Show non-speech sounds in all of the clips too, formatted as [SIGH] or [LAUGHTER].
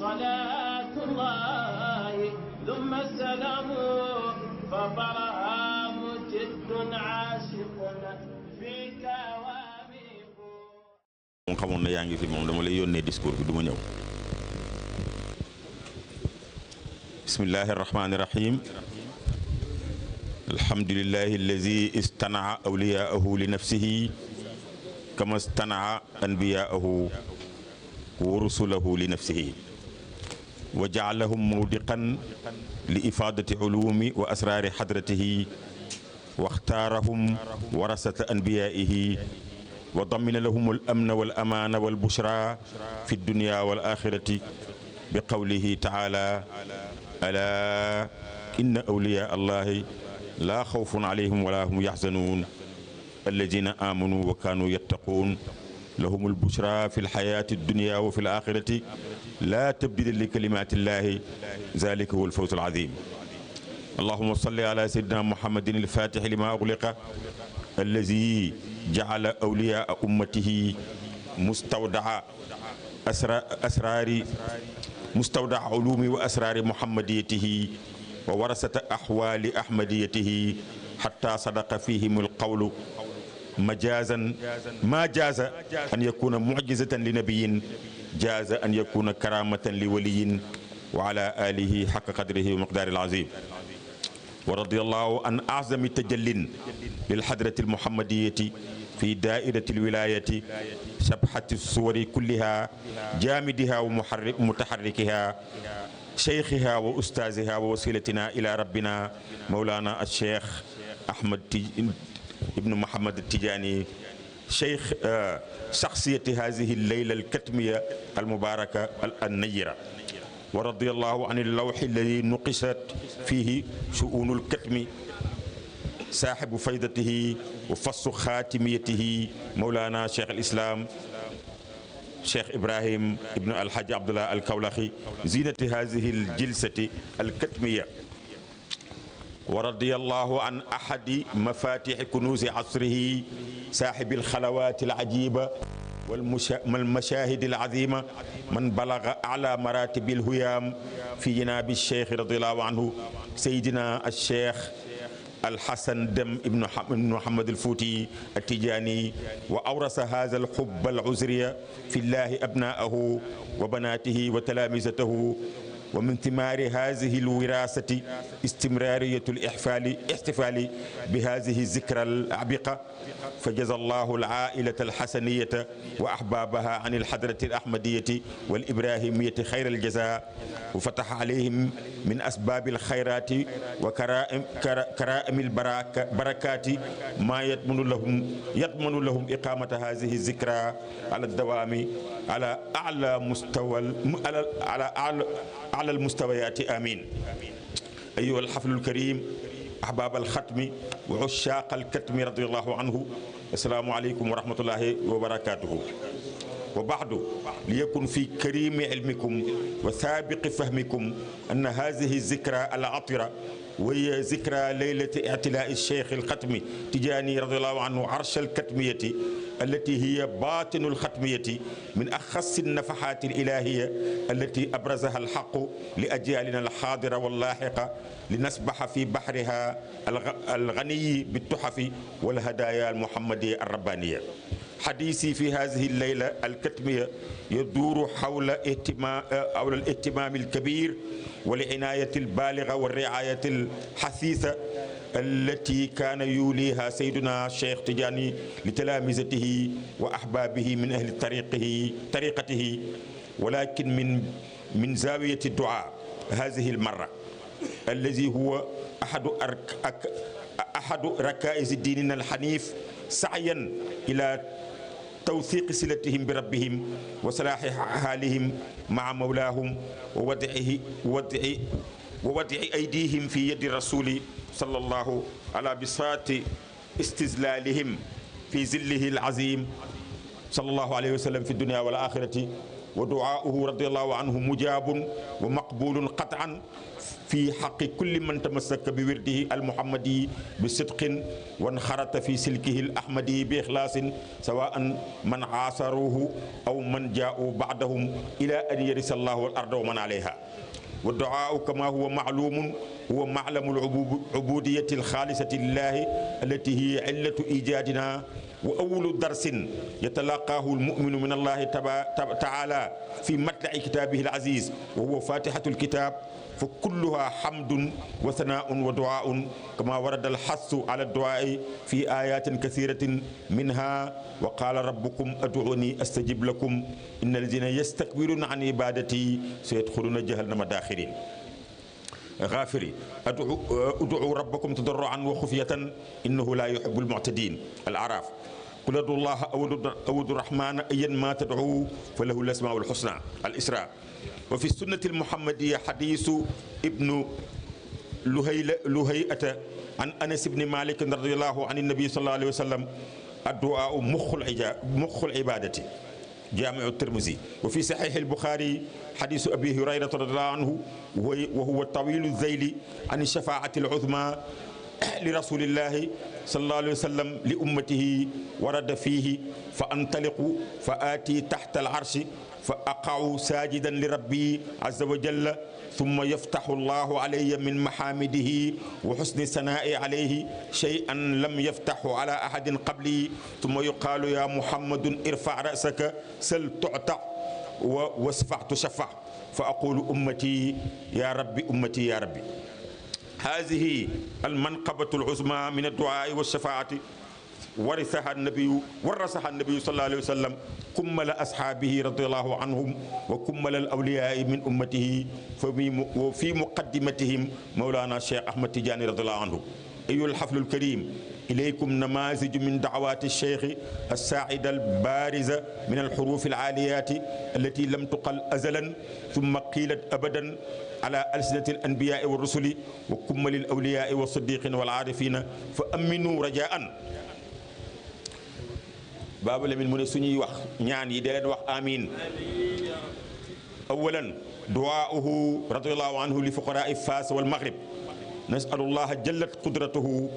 صلاة الله ثم السلام فطرها مجد عاشق فيك واميق moom xamoon na yaa ngi fi moom dama lay yónnee discours bi du ma ñëw bismillahi arrahmani irrahim alhamdulilahi allazi istanaa awliyaahu li nafsihi kama istanaa anbiyaahu wa rusulahu li nafsihi wa jaalahum mawdiqan li ifaadati ulumi wa asraari xadratihi waxtaarahum warasata anbiyaihi wa damina lahum al amna wal amaana wal bushra fi dunya wal axirati bi qawlihi taala alaa inna awliyaa allahi laa xawfun alayhim wala hum yaxzanuun alladina amanu wa kaanu yattaquun lahum al bushra fi lxayaati dunya wa fi l axirati laa tabdila li kalimaatillaahi zaalika huwa alfawzu alaziim allahuma salli ala sayyidina muhammadin alfaatixi lima ugliqa allazi jacala awliyaa ummatihi mustawdaa asraari mustawdaa ulumi wa asraari muhammadiyatihi wa warasata axwaali ahmadiyatihi xataa sadaqa fihim alqawlu majaazan maa jaaza an yakuna mucjizatan li nabiyin jaaza an yakuna karamatan li waliyin wa ala alihi xaqa qadrihi wa miqdaari alazim wa radiyallahu an azami tajallin lilxadrati almuhammadiyati fi daairati alwilayati sabxati suwari kulliha jaamidiha wa mutaxarrikiha شيخها وأستاذها ووسيلتنا إلى ربنا مولانا الشيخ أحمد ابن محمد التجاني cheikh euh, shakhsiyati hadihi leyla alkatmiya almubaraka annayira wa radiyallahu an allawxi alladi nuqisat fihi shu'unu alkatmi saaxibu faydatihi wa fassu xaatimiyatihi mawlaana cheikh alislaam cheikh Ibrahim ibnu alhaji Abdullah alkawlaxi zinati hadihi aljilsati alkatmiya wa radiyallahu an ahadi mafatixi kunuusi asrihi saaxibi alxalawaati alajiba walmashahidi alazima man balaga ala maratibi alhuyaam fi jinaabi alcheikh radiallahu anhu sayidina alcheikh alxasan dem ibnu muhammad alfuuti altijaani wa awrasa hada alxub aluzriya fi llahi abnaahu wa banaatihi wa talaamisatahu wa min timaari haadihi alwiraasati istimraariyatu alixfaali ixtifaali bi haadihi zikra alabiqa fa jaza allahu alaailata alxasaniyata wa ahbaabaha an alxadrati alahmadiyati walibrahimiyati xayra aljaza wa fataxa alayhim min asbaabi alxayraati wa karaa'imi albarakaati maa yatmanu lahum yatmanu lahum iqaamata haadihi zikra ala dawaami ala ala mustawa ala ala على المستويات آمين أيها الحفل الكريم أحباب الختم وعشاق الكتم رضي الله عنه السلام عليكم ورحمة الله وبركاته وبعد ليكن في كريم علمكم وسابق فهمكم أن هذه الذكرى العطرة وهي ذكرى ليلة اعتلاء الشيخ الختمي تجاني رضي الله عنه عرش الكتمية التي هي باطن الختمية من أخص النفحات الإلهية التي أبرزها الحق لأجيالنا الحاضرة واللاحقة لنسبح في بحرها الغني بالتحف والهدايا المحمدية الربانية xadiisi fi hadihi leyla alkatmiya yaduuru xawla ihtimaam xawla alihtimaam alkabiir wal inaayati albaaliga wa riaayati alxasiisa allati kaana yuuliha sayduna cheikh tijaani li talaamisatihi wa ahbaabihi min ahli tariqihi tariqatihi walakin min min zaawiyati duaa hadihi almarra alladi huwa ahadu ak ahadu rakaisi diinina alxanif saayan ila tawthiqi silatihim bi rabbihim wa salaahi haalihim maa mawlaahum wa wadihi wadi wa wadi aydihim fi yadi rasuli sallallahu ala bisaati istizlalihim fi zillihi alazim sallallahu alayhi wa sallam fi dunia wal axirati wa duauhu radiallahu anhu mujaabun wa maqbulun qataan fi xaqi kulli man tamassaka bi wirdihi almuhammadi bi sidqin wan xarata fi silkihi l ahmadi bi ixlaasin sawaan man aasaruhu aw man jaau baadahum ila an yarisa allahu al arda wa man alayha wa duaau kama huwa maalumun huwa maalamu lubudiyati alxaalisati lillahi allati hiya illatu ijaadina wa awalu darsin yatalaqaahu almuminu min allahi taala fi matlaci kitaabihi alaziz wa huwa fatihatu alkitab fa kulluha hamdun wa sanaun wa duaun kama warada alxassu ala duaai fi ayatin kasiratin minha wa qala rabbukum aduuni astajib lakum inna alladina yastakbiruna an ibadati sayadxuluna jahannama daaxirin غافري ادعوا ادعوا ربكم تضرعا وخفيه انه لا يحب المعتدين الاعراف qul adullaha awudu rahmana ayan ma tad'u fa lahu lasmaul husna al isra wa fi sunnati al muhammadiya hadisu ibnu luhayla luhayata an anas ibni malik radiallahu an nabi sallallahu alayhi wa sallam addu'a muxul ija muxul ibadati jaamiu tirmisi wa fi saxiixi albuxaari xadiisu abi hurayrata radiallahu anhu wa huwa tawilu zeyli an shafaati al uzma li rasulillahi sallallahu alayhi wa sallam li ummatihi warada fiihi fa antaliqu fa aati taxta al arshi fa aqaau saajidan li rabbi azza wa jalla summa yaftaxu allahu alayya min maxaamidihi wa xusni sanaa'i alayhi shay'an lam yaftaxu ala ahadin qabli summa yuqaalu yaa muhammadun irfac rasaka sal tucta wa wasfax tushaffax fa aqulu ummati yaa rabbi ummati yaa rabbi هذه المنقبة العظمى من الدعاء والشفاعة ورثها النبي ورثها النبي صلى الله عليه وسلم كمل أصحابه رضي الله عنهم وكمل الأولياء من أمته وفي مقدمتهم مولانا الشيخ أحمد تجاني رضي الله عنه أيها الحفل الكريم إليكم نماذج من دعوات الشيخ الساعدة البارزة من الحروف العاليات التي لم تقل أزلا ثم قيلت أبدا ala alsinati al anbiyai wa rusuli wa kummalil awliyai wa siddiqin wal aarifina fa aminu rajaan baaba lamin mu ne suñuy wax ñaan yi da leen wax amin awalan duwaauhu radiallahu anhu li fuqaraai faas wal maghrib nasalullaha jallat qudratuhu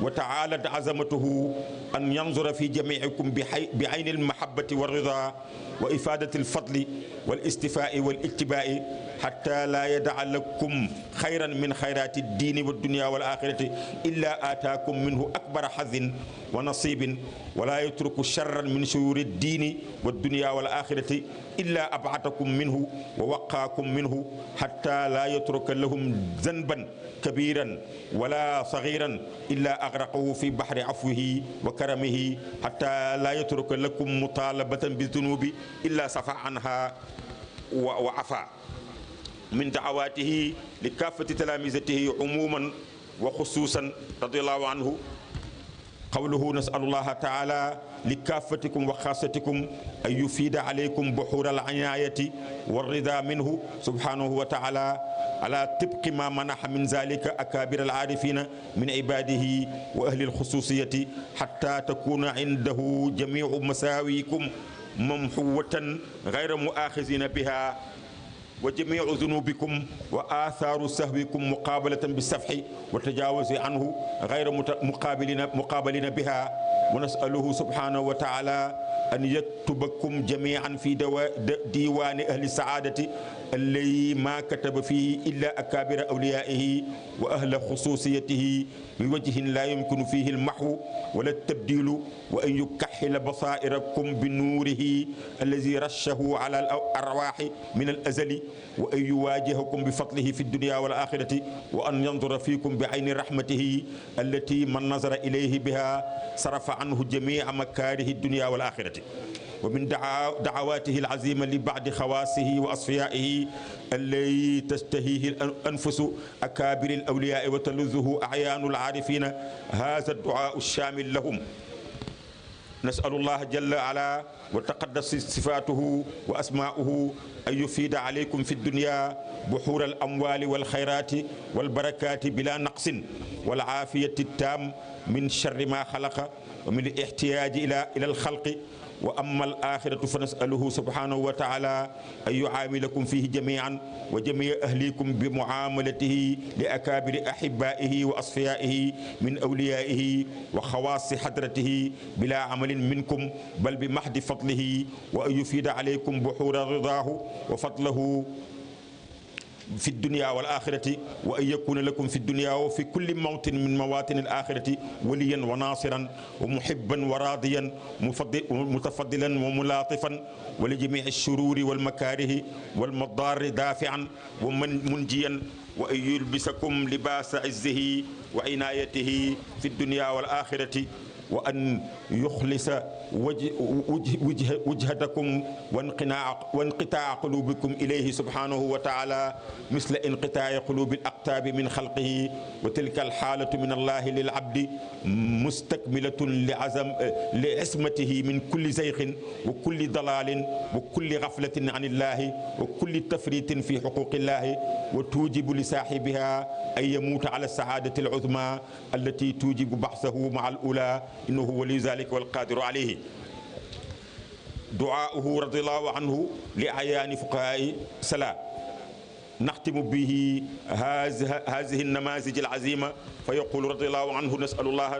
wa taalat azamatuhu an yanzura fi jamiikum bi ayni almahabati wa rida wa ifadati alfadli wal istifai wal ittibai xatta laa yadaa lakum xayran min xayraati diini wa dunia wal axirati illa aataakum minhu akbara xazin wa nasibin wala yatruku charran min shururi diini wa dunia wal axirati illa abatakum minhu wa waqaakum minhu xatta laa yatruka lahum zanban kabiran wala sagiran illa agraqahu fi baxri afwihi wa karamihi xatta laa yatruka lakum mutalabatan bi dunubi illa safa anha wa afa min daawatihi li kaafati talaamisatihi umuman wa xusuusan radiallahu anhu qawluhu nasalullaha taala li kaafatikum wa xaasatikum an yufiida alaykum buxuura al anaayati warrida minhu subhanahu wa taala ala tibqi ma manaxa min zalika akaabir al aarifina min ibaadihi wa ahli alxusuusiyati xatta takuna indahu jamiu masaawikum mamxuwatan gayra muaaxisina biha wa jamiu zunubikum wa athaaru sahwikum muqaabalatan bi safxi wa tajawasi anhu gayra muqaabilina muqaabalina biha wa nasaluhu subhanahu wa taala an yaktubakum jamian fi diwaani ahli saadati alladi ma kataba fihi illa akabira awliyaihi wa ahla xususiyatihi bi wajhin la yumkinu fihi almaxwu wala tabdilu wa an yukaxila basairakum bi nuurihi alladi rashahu ala al arwaxi min al azali wa an yuwajihakum bi fadlihi fi dunia wal axirati wa an yandura fikum bi ayni rahmatihi allati man nazara ilayhi biha sarafa anhu jamia makarihi dunia wal axirati wa min da'awaatihi al-azima li ba'di xawaasihi wa asfiyaa'ihi allati tashtahihi al-anfusu akaabiri al-awliyaa'i wa taluzzuhu a'yaanu al-aarifiina haadha ad-du'aa'u ash-shaamil lahum nasalu llah jalla wa ala wa taqaddas sifaatuhu wa asmaa'uhu an yufiida aleykum fi dunya buxuura al amwaali wal xayraati wal barakaati bilaa naqsin wal aafiyati taam min charri maa xalaqa wa min al ihtiyaaji ilaa ilal xalqi wa amma al axiratu fa nasaluhu subhanahu wa taala an yuaamilakum fihi jamian wa jamia ahlikum bi muamalatihi li akaabiri ahibaihi wa asfiyaihi min awliyaihi wa xawaasi xadratihi bila amalin minkum bal bi mahdi fadlihi wa an yufida alaykum buxuura ridaahu wa fadlahu fi dunia wal axirati wa an yakuna lakum fi dunia wa fi kulli mawtin min mawatin al axirati waliyan wa nasiran wa muhibban wa radiyan mutafadilan wa mulatifan wa li jamii alshururi walmakarihi walmadari dafian wa man munjiyan wa an yulbisakum libasa izzihi wa inayatihi fi dunia wal axirati wa an yuxlisa waj wujhatakum wa inqinaa wa inqitaa qulubikum ilayhi subhanahu wa taala misla inqitaai qulubi alaqtaabi min xalqihi wa tilka alxaalatu min allahi lil abdi mustakmilatun li azam li ismatihi min kulli zayqin wa kulli dalalin wa kulli gaflatin an illahi wa kulli tafritin fi xuquqi illahi wa tuujibu li saaxibiha an yamuuta ala saadati aluzma allati tuujibu baxsahu maa al ula innahu waliyu zalika wal qadiru alayhi duaauhu radiallahu anhu li ayaani fuqahaai sala naxtimu bihi hadihi namazij al azima fa yaqulu radiallahu anhu nasalullaha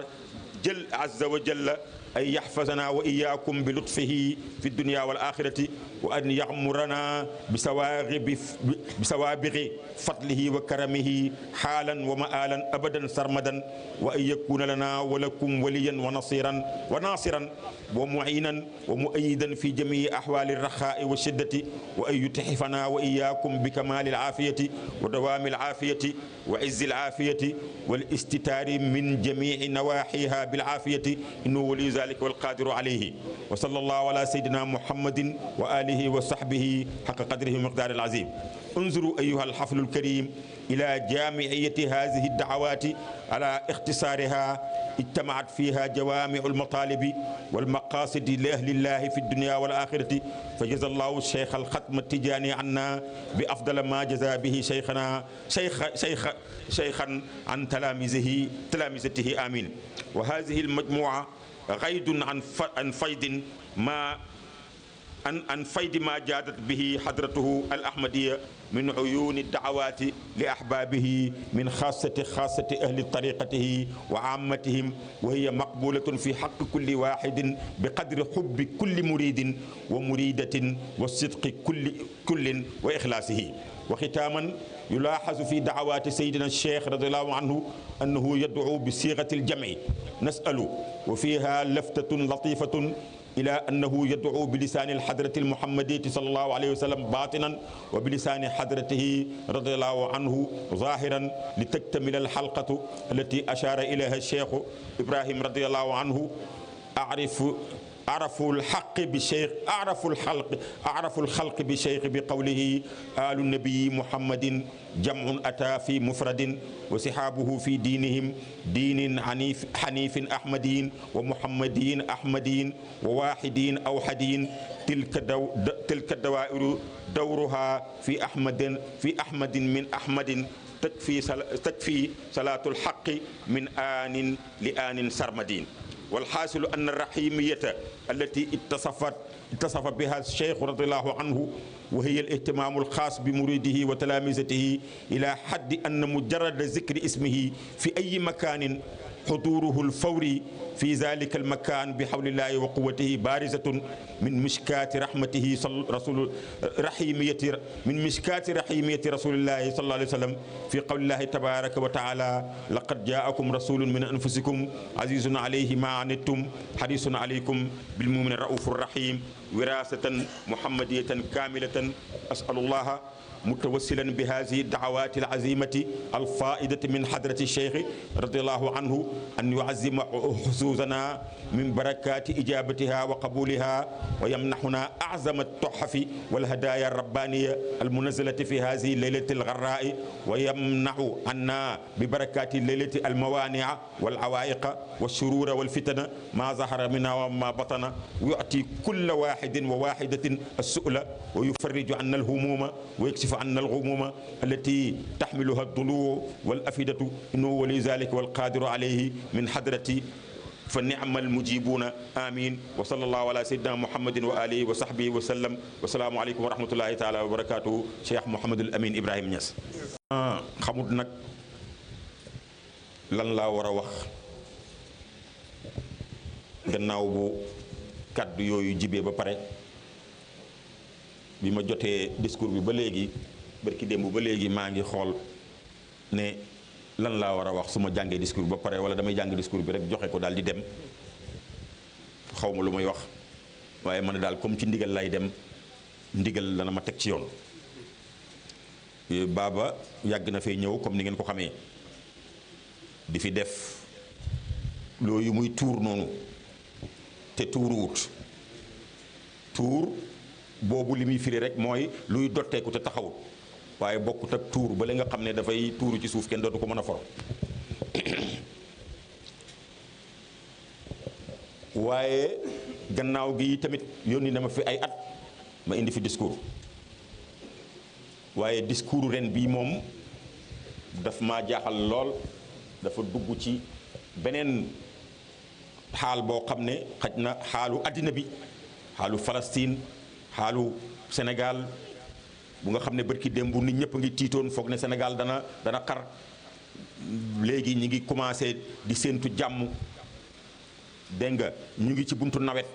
jal azza wa jalla an yaxfazana wa iyakum bi lutfihi fi dunya wal axirati wa an yaxmurana bi sawaabi bi sawaabixi fadlihi wa karamihi xaalan wa maalan abadan sarmadan wa an yakuna lana wa lakum waliyan wa nasiran wa nasiran wa muinan wa muayidan fi jamii axwaali raxaai wa shiddati wa an yutixifana wa iyaakum bi kamaali alcaafiyati wa dawaami alcaafiyati wa izzi alcaafiyati wal istitaari min jamiici nawaaxiha bilcaafiyati innahu waliyu zalika walqaadiru alayhi wa sallallahu ala sayyidina muhammadin wa alihi alihi wa sahbihi xaqa qadrihi wa miqdaari al-aziim unzuru ayyuha al-xaflu al-kariim ilaa jaamiiyati haadihi ad-da'awaati alaa ixtisaarihaa ijtamaat fiihaa jawaamiu al-mataalibi wal-maqaasidi li ahli-llaahi fi d-dunyaa wal-aaxirati fa jazaa llaahu sheykh al-xatm at-tijaani annaa bi afdali maa jazaa bihi sheykhanaa sheykhan an talaamiizihi talaamizatihi aamiin wa haadihi al-majmuu'a ghaydun an faydin maa an an faydi ma jaadat bihi hadratuhu al ahmadiya min uyuni daawati li ahbabihi min xaasati xaasati ahli tariqatihi wa ammatihim wa hiya maqbulatun fi xaqi kulli waxidin bi qadri xubbi kulli muridin wa muridatin wa sidqi kulli kullin wa ixlaasihi wa xitaaman yulaaxasu fi daawaati sayidina cheikh radiallahu anhu annahu yad'u bi siixati aljamci nasalu wa fiha laftatun latifatun ila annahu yad'u bi lisaani alxadrati almuhammadiyati sallallahu alayhi wa sallam batinan wa bi lisaani xadratihi radiallahu anhu zahiran li tajtamila alxalqatu allati ashara ilayha cheikhu ibrahim radiallahu anhu arif araful xaq bi cheikh araful xalq araful xalq bi cheikh bi qawlihi alu nabii muhammadin jamun ata fi mufradin wa sihaabuhu fi diinihim diinin anif xanifin ahmadiyin wa muhammadiyin ahmadiyin wa waaxidiyin awxadiyin tilka daw tilka dawairu dawruha fi ahmadin fi ahmadin min ahmadin takfi takfi salaatul xaqi min aanin li aanin sarmadin والحاصل أن الرحيمية التي اتصفت اتصف بها الشيخ رضي الله عنه وهي الاهتمام الخاص بمريده وتلامذته إلى حد أن مجرد ذكر اسمه في أي مكان xuduuruhu lfawri fi zalika almakan bi hawlillahi wa quwatihi barisatun min mishkati rahmatihi rasul rahimiyati min mishkati rahimiyati rasulillahi sallallahu alayhi wa sallam fi qawlillahi tabaraka wa taala laqad jaakum rasulun min anfusikum azizun alayhi ma anittum harisun alaykum bilmuminin raufu rahim wirasatan muhammadiyatan kamilatan asalullaha mutawassilan bi haadihi da'awaati al-azimati al-faa'idati min hadrati cheikh radiyallahu anhu an yu'azzima huzuuzana min barakaati ijaabatiha wa qabuuliha wa yamnahuna a'zama at-tuhfi wal-hadaaya ar-rabbaaniya al-munazzalati fi haadihi al-laylati al-gharraa'i wa yamnahu anna bi barakaati al-laylati al-mawaani'a wal-awaa'iqa wash-shuruura wal-fitana maa zahara minhaa wa maa batana yu'ti kulla waahidin wa waahidatin as-su'la wa yufarriju anna al-humuuma wa yakshifu yakshif anna alxumuma allati taxmiluha dulu wal afidatu inu wali zalika wal qadiru alayhi min hadrati fa ni'mal mujibuuna amin wa sallallahu ala sayyidina muhammadin wa alihi wa sahbihi wa sallam wa salaamu aleykum wa rahmatullahi taala wa barakatuhu cheikh mouhamadul amin ibrahima Niass xamut nag lan laa war a wax gannaaw bu kàddu yooyu jibee ba pare bi ma jotee discours bi ba léegi barki démb ba léegi maa ngi xool ne lan laa war a wax su ma jàngee discours bi ba pare wala damay jàng discours bi rek joxe ko daal di dem xaw ma lu may wax waaye man daal comme ci ndigal lay dem ndigal dana ma teg ci yoon baaba yàgg na fee ñëw comme ni ngeen ko xamee di fi def loolu yu muy tuur noonu te tuuruwut tuur boobu li muy firi rek mooy luy dotteeku te taxawut waaye bokkut ak tuur ba la nga xam ne dafay tuuru ci suuf kenn dootu ko mën a for [COUGHS] waaye gannaaw gi tamit yónni na ma fi ay at ma indi fi discours waaye discours ren bii moom daf ma jaaxal lool dafa dugg ci beneen xaal boo xam ne xaj na xaalu àddina bi xaalu Palestine xaalu Sénégal bu nga xam ne bët ki démb nit ñëpp a ngi tiitoon foog ne Sénégal dana dana xar léegi ñi ngi commencé di séentu jàmm dégg nga ñu ngi ci buntu nawet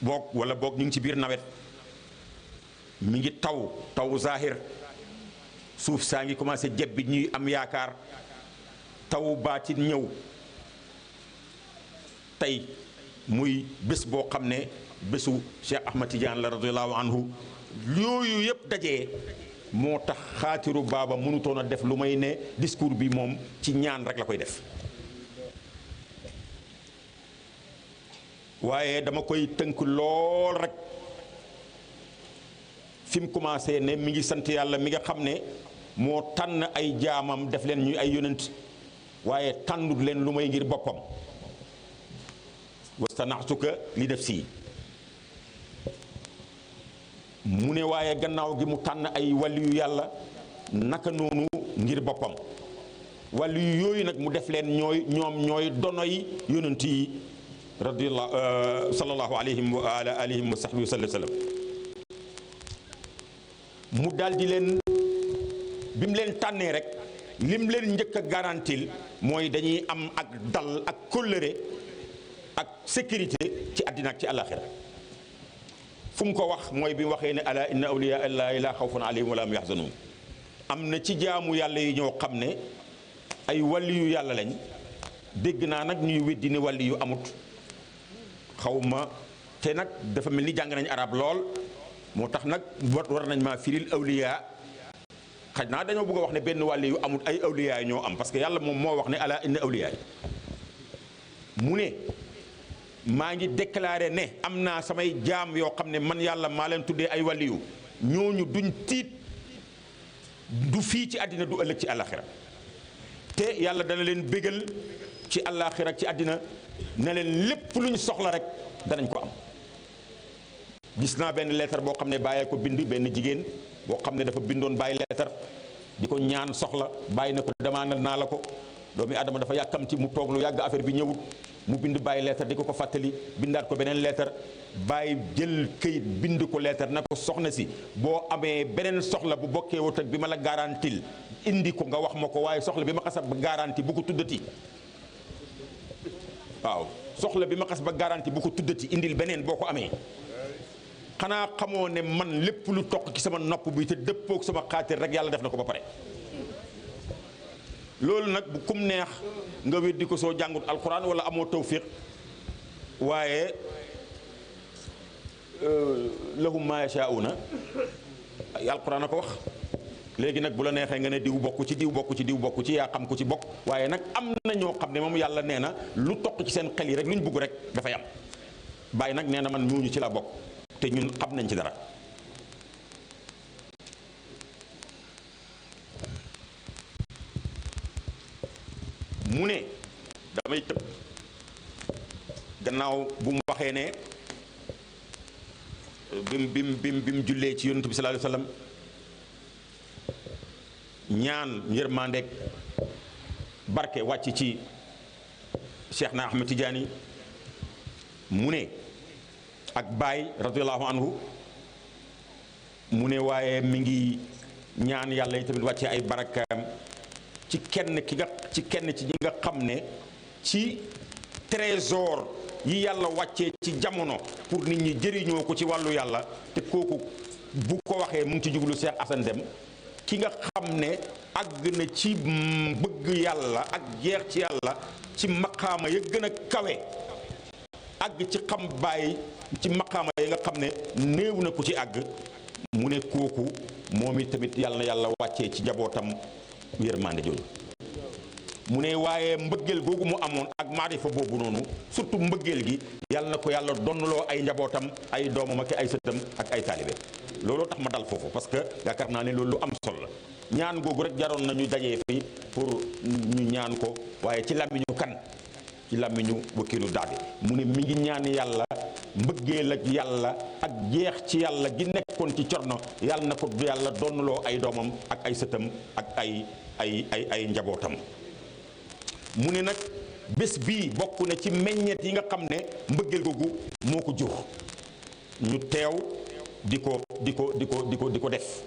boog wala boog ñu ngi ci biir nawet mi ngi taw taw zahir suuf saa ngi commencé jebbi ñuy am yaakaar taw baatin ñëw tey muy bés boo xam ne bésu Cheikh Ahmad Tidiane la radiyallahu anhu yooyu yëpp daje moo tax xaatiru baaba mënutoon a def lu may ne discours bi moom ci ñaan rek la koy def waaye dama koy tënk lool rek fi mu commencé ne mi ngi sant yàlla mi nga xam ne moo tànn ay jaamam def leen ñuy ay yonent waaye tànnut leen lu may ngir boppam wastanaxtuka li def sii mu ne waaye gannaaw gi mu tànn ay waliyu yàlla naka noonu ngir boppam waliyu yooyu nag mu def leen ñooy ñoom ñooy donoy yonent yi radiyallahu euh, sallallahu alayhim wa ala alihim wa sahbihi wa sallam mu daal leen bi mu leen tànnee rek lim leen njëkk a garantil mooy dañuy am ak dal ak kóllëre ak sécurité ci àddina ci àllaaxira fu ko wax mooy bi waxee ne ala inna awliya allahi laa xawfun alayhim wala hum yaxzanuun am na ci jaamu yàlla yi ñoo xam ne ay wàlli yàlla lañ dégg naa nag ñuy weddi ne wàlli yu amut xawma te nag dafa mel ni jàng nañ arab lool moo tax nag war nañ maa firil awliya xaj naa dañoo bëgg wax ne benn wàlli yu amut ay awliya ñoo am parce que yàlla moom moo wax ne ala inna awliya mu ne maa ngi déclaré ne am naa samay jaam yoo xam ne man yàlla maa leen tuddee ay waliyu ñooñu duñ tiit du fii ci àddina du ëllëg ci àllaaxira te yàlla dana leen bégal ci àllaaxira ci àddina ne leen lépp ñu soxla rek danañ ko am gis naa benn leetar boo xam ne bàyyee ko bind benn jigéen boo xam ne dafa bindoon bàyyi leetar di ko ñaan soxla bàyyi na ko demandal naa la ko doomi Adama dafa yàkkam ci mu toog lu yàgg affaire bi ñëwut mu bind bàyyi leetar di ko ko fàttali bindaat ko beneen leetar bàyyi jël këyit bind ko leetar na ko soxna si boo amee beneen soxla bu bokkee wut bi ma la garantil indi ko nga wax ma ko waaye soxla bi ma xasab ba garanti bu ko tuddati waaw soxla bi ma xas ba garanti bu ko tuddati indil beneen boo ko amee xanaa xamoo ne man lépp lu toq ci sama nopp bi te dëppook sama xaatir rek yàlla def na ko ba pare loolu nag bu kum neex nga weddi ko soo jàngut alxuraan wala amoo tawfiq waaye euh, lahum maa yashaa'uuna alxuraan a ko wax léegi nag bu la neexee nga ne diw bokk ci diw bokk ci diw bokk ci yaa xam ku ci bokk waaye nag am na ñoo xam ne moom yàlla nee na lu toq ci seen xel yi rek lu ñu bugg rek dafay am bàyyi nag nee na man ñooñu ci la bokk te ñun xam nañ ci dara mu ne damay tëb gannaaw bu mu waxee ne bim bim bim bim jullee ci yonent bi sallallahu alayhi ñaan yërmandeeg barke wàcc ci Cheikh na Ahmed Tidiane mu ne ak Baye radiyallahu anhu mu ne waaye mi ngi ñaan yàlla yi tamit wàcce ay barakaam ci kenn ki nga ci kenn ci ñi nga xam ne ci trésor yi yàlla wàccee ci jamono pour nit ñi jëriñoo ko ci wàllu yàlla te kooku bu ko waxee mu ngi ci jublu Cheikh Assane Deme ki nga xam ne àgg na ci bëgg yàlla ak jeex ci yàlla ci maqaama ya gën a kawe àgg ci xam bàyyi ci maqaama yi nga xam ne néew na ko ci àgg mu ne kooku moom it tamit yàlla na yàlla wàccee ci njabootam yërmande jooju mu ne waaye mbëggeel googu mu amoon ak maarifa boobu noonu surtout mbëggeel gi yàlla na ko yàlla donnaloo ay njabootam ay doomam ak ay sëtam ak ay taalibe looloo tax ma dal foofu parce que yaakaar naa ne loolu lu am solo la ñaan googu rek jaroon na ñu dajee fi pour ñu ñaan ko waaye ci làmmiñu kan ci làmmiñu wakiilu daadi mu ne mu ngi ñaan yàlla mbëggeel ak yàlla ak jeex ci yàlla gi nekkoon ci corno yàlla na ko yàlla donnuloo ay doomam ak ay sëtam ak ay ay ay ay njabootam mu ne nag bés bii bokk na ci meññeet yi nga xam ne mbëggeel googu moo ko jur ñu teew di ko di ko di ko di ko di ko def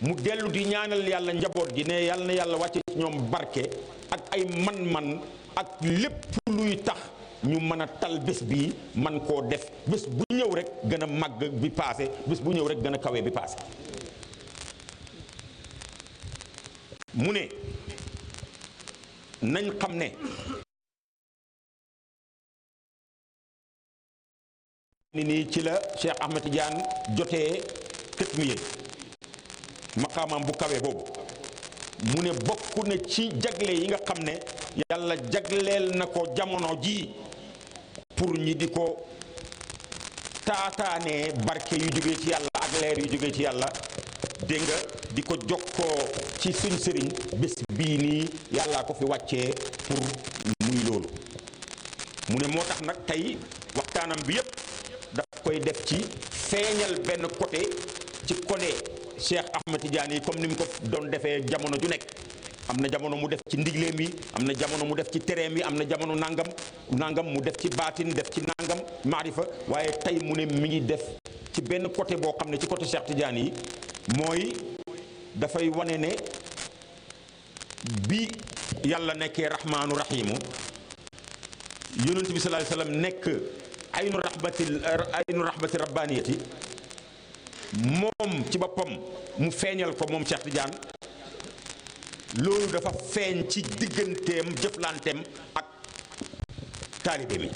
mu dellu di ñaanal yàlla njaboot gi ne yàlla na yàlla wàcce ci ñoom barke ak ay man-man ak lépp luy tax ñu mën a tal bés bii man koo def bés bu ñëw rek gën a màgg bi paase bés bu ñëw rek gën a kawe bi paase mu ne nañ xam ne ni nii ci la Cheikh Ahmed Tidiane jotee kët miye maqaamam bu kawee boobu mu ne bokk na ci jagle yi nga xam ne yàlla jagleel na ko jamono ji pour ñi di ko taataanee barke yu jóge ci yàlla ak leer yu jóge ci yàlla dégg nga di ko jokkoo ci suñ sëriñ bés bii nii yàllaa ko fi wàcce pour muy loolu mu ne moo tax nag tey waxtaanam bi yépp daf koy def ci feeñal benn côté ci côté Cheikh Ahmed Tidiane yi comme ni mu ko doon defee jamono ju nekk am na jamono mu def ci ndigleem yi am na jamono mu def ci tereem yi am na jamono nangam nangam mu def ci baatin def ci nangam maarifa waaye tey mu ne mi ngi def ci benn côté boo xam ne ci côté Cheikh Tidiane yi mooy dafay wane ne bi yàlla nekkee rahmaanu rahimu yonent bi sallallahu alayhi sa sallam nekk aynu rahmatil aynu rahmati rabbaniyati moom ci boppam mu feeñal ko moom Cheikh Tidiane loolu dafa feeñ ci digganteem jëflanteem ak taalibe mi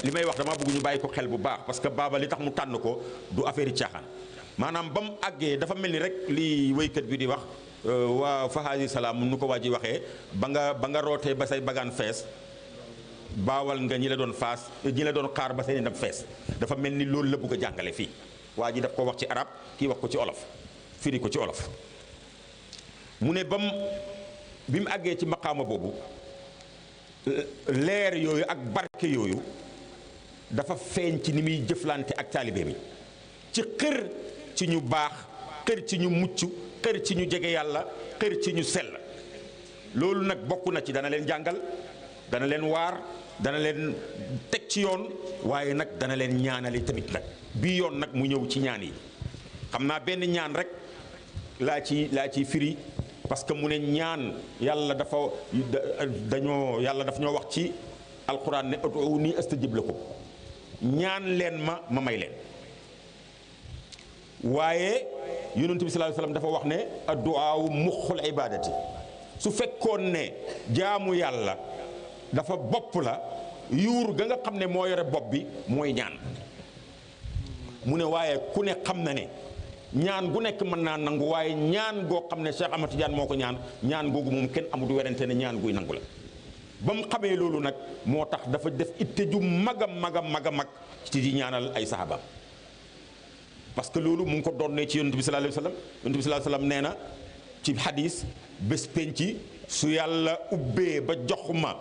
li may wax dama bëgg ñu bàyyi ko xel bu baax parce que baaba li tax mu tànn ko du affaire yi caaxaan maanaam ba mu àggee dafa mel ni rek li wéykat bi di wax euh, waa fahaadi salaam nu ko waa ji waxee ba nga ba nga rootee ba say bagaan fees baawal nga ñi la doon faas ñi la doon xaar ba seen ndab fees dafa mel ni loolu la bëgg a jàngale fii waa ji daf ko wax ci arab kii wax ko ci olof firi ko ci olof mu ne bam bi mu àggee ci maqaama boobu leer yooyu ak barke yooyu dafa feeñ ci ni muy jëflante ak taalibe bi ci xër ci ñu baax xër ci ñu mucc xër ci ñu jege yàlla xër ci ñu sell loolu nag bokk na ci dana leen jàngal dana leen waar dana leen teg ci yoon waaye nag dana leen ñaanali tamit nag bii yoon nag mu ñëw ci ñaan yi xam naa benn ñaan rek laa ci laa ci firi parce que mu ne ñaan yàlla dafa dañoo yàlla daf ñoo wax ci alquran ne ud'uuni astajib lakum ñaan leen ma ma may leen waaye yonent bi sallallahu dafa wax ne addu'aawu muxul ibadati su fekkoon ne jaamu yàlla dafa bopp la yuur ga nga xam ne moo yore bopp bi mooy ñaan mu ne waaye ku ne xam na ne ñaan gu nekk mën naa nangu waaye ñaan goo xam ne Cheikh Ahmad jaan moo ko ñaan ñaan googu moom kenn amut werante ne ñaan guy nangu la ba mu xamee loolu nag moo tax dafa def it ju mag a mag a mag a mag ci di ñaanal ay sahabaam parce que loolu mu ngi ko doon ne ci yonent bi sallallahu sa wasallam yonent bi sallallahu alayhi wasallam nee na ci xadis bés penc su yàlla ubbee ba jox ma